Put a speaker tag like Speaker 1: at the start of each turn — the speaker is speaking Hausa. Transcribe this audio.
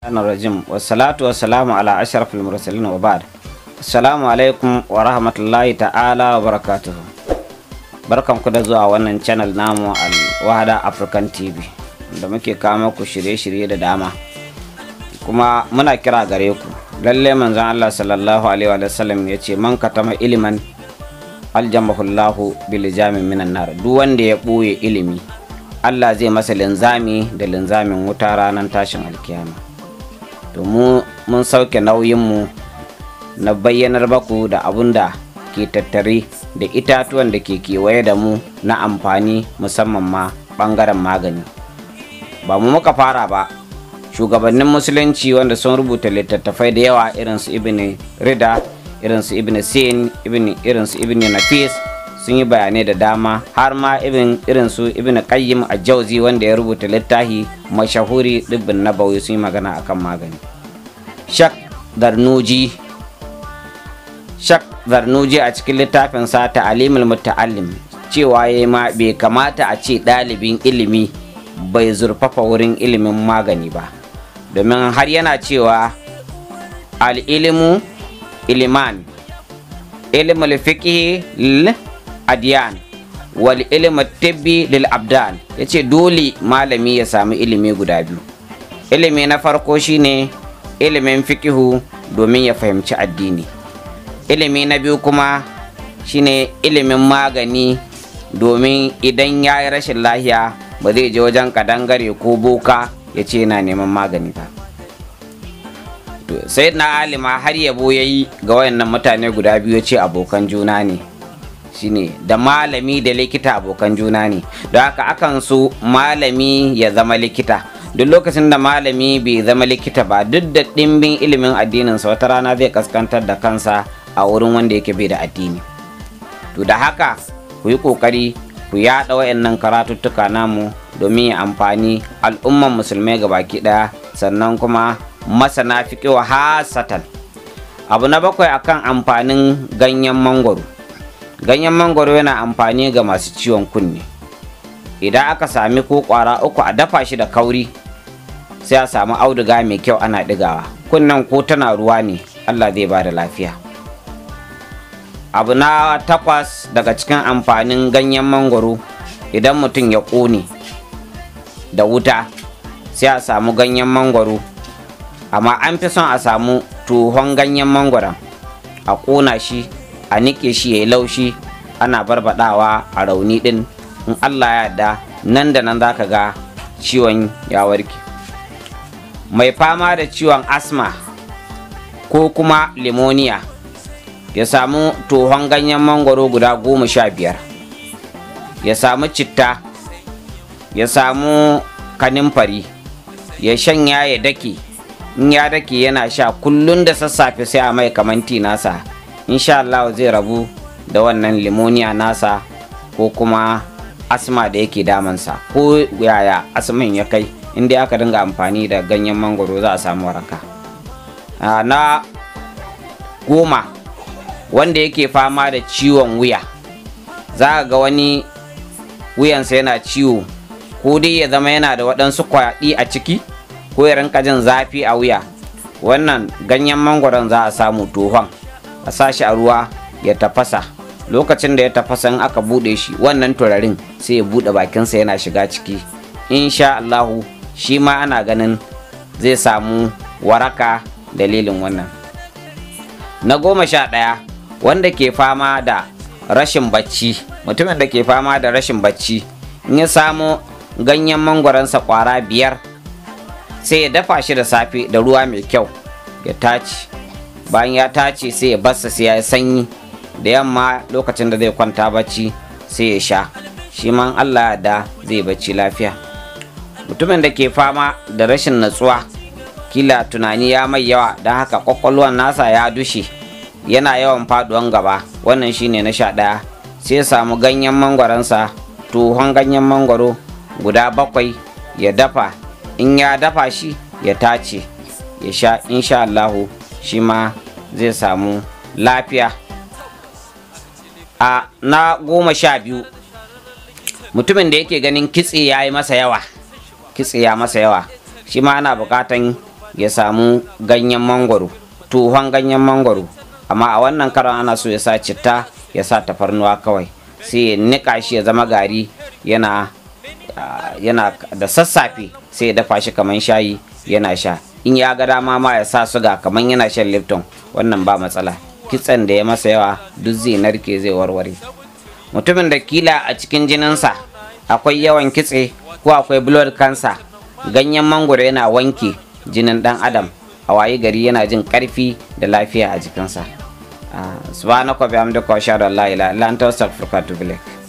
Speaker 1: rajim wa salamu ala ashrafil mursalin wa ba'd assalamu alaikum wa rahmatullahi ta'ala wa barakatuh barkan ku da zuwa wannan channel namu al wahada african tv da muke kawo ku shirye-shirye da dama kuma muna kira gare ku lalle manzon Allah sallallahu alaihi wa sallam ya ce man katama iliman aljamahullahu bil minan nar duk wanda ya buye ilimi Allah zai masa linzami da linzamin wuta ranar tashin alkiyama domin mun sauke nauyinmu na bayyanar baku da abun da ke tattare da itatuwan da ke kewaye da mu na amfani musamman ma bangaren magani ba mu muka fara ba shugabannin musulunci wanda sun rubuta littattafai da yawa irinsu ibn rida irinsu ibn sin irinsu ibn nafis sun yi bayanai da dama har ma ibn irin su ibn qayyim jauzi wanda ya rubuta littafi mashahuri na nabawi sun yi magana akan magani shak darnuji a cikin littafin sa ta'alimul muta'allim cewa yayi ma bai kamata a ce dalibin ilimi bai zurfafa wurin ilimin magani ba domin har yana cewa al'ilimu iliman ilimul fiqhi adyan wal ilma tibbi lil abdan yace dole malami ya samu ilimi guda biyu ilimi na farko shine ilimin fikihu domin ya fahimci addini ilimi na biyu kuma shine ilimin magani domin idan ya yi rashin lahiya ba zai je wajen kadangare ko boka ya ce yana neman magani ba sai na alima har yabo ya yi ga wayannan mutane guda biyu ce abokan juna ne shine da malami da likita abokan juna ne don haka akan so malami ya zama likita duk lokacin da malami bai zama likita ba duk da ɗimbin ilimin addinin sa wata rana zai kaskantar da kansa a wurin wanda yake bai da addini to da haka ku yi ƙoƙari ku yaɗa wayannan karatuttuka namu domin ya amfani al'umman musulmai ga baki ɗaya sannan kuma masana fiƙewa hasatan abu na bakwai akan amfanin ganyen mangwaro ganyen mangwaro yana amfani ga masu ciwon kunne idan aka sami ko ƙwara uku a dafa shi da kauri sai a samu auduga mai kyau ana digawa. kunnen ko tana ruwa ne allah zai ba da lafiya abu na takwas daga cikin amfanin ganyen mangwaro idan mutum ya ƙone da wuta sai a samu ganyen mangwaro amma an fi son a samu tuhon ganyen mangwaron a ƙona shi a nike shi ya yi laushi ana barbadawa a rauni din in allah ya yarda nan da nan zaka ga ciwon ya warke mai fama da ciwon asma ko kuma limoniya ya samu tohon ganyen mangwaro guda goma sha biyar ya samu citta ya samu kanimfari, ya shanya ya dake in ya dake yana sha kullum da sassafe sai a mai kamanti nasa insha Allah zai rabu da wannan limoniya nasa ko kuma asma da yake damansa ko yaya asmin ya kai inda aka dinga amfani da ganyen mangoro za a samu waraka na goma wanda yake fama da ciwon wuya za a ga wani wuyansa yana ciwo ko dai ya zama yana da waɗansu kwaɗi a ciki ko ya rinka jin zafi a wuya wannan ganyen mangoron za a samu tohon a sashi a ruwa ya tafasa lokacin da ya tafasa in aka bude shi wannan turarin sai ya bude bakinsa yana shiga ciki insha Allahu shi ma ana ganin zai samu waraka dalilin wannan na goma sha ɗaya wanda ke fama da rashin bacci mutumin da ke fama da rashin bacci in ya samo ganyen mangwaransa kwara biyar sai ya dafa shi da safe da ruwa mai kyau ya tace bayan ya tace sai ya barsa sai ya sanyi da yamma lokacin da zai kwanta bacci sai ya sha shi man Allah da zai bacci lafiya mutumin da ke fama da rashin natsuwa kila tunani ya mai yawa don haka kwakwalwan nasa ya dushe yana yawan faduwan gaba wannan shine na sha ɗaya sai ya samu ganyen mangwaronsa tuhon ganyen mangwaro guda bakwai ya dafa in ya dafa shi ya tace ya sha insha Allahu shi ma zai samu lafiya a na goma sha biyu mutumin da yake ganin kitse ya yi masa yawa kitse ya masa yawa shi ma ana bukatan ya samu ganyen mangwaro tuhon ganyen mangwaro amma a wannan karan ana so ya sa citta ya sa tafarnuwa kawai sai ya nika shi ya zama gari yana da sassafe sai ya dafa shi kamar shayi yana sha in ya ga dama ma ya sa suga kamar yana shan lifton wannan ba matsala kitsan da ya masa yawa duk zai narke zai warware mutumin da kila a cikin jininsa akwai yawan kitse ko akwai blood cancer ganyen mangoro yana wanke jinin dan adam a waye gari yana jin karfi da lafiya a jikinsa ah, subhanaka bihamdika wa shahadu an la ilaha illa anta astaghfiruka wa atubu ilaik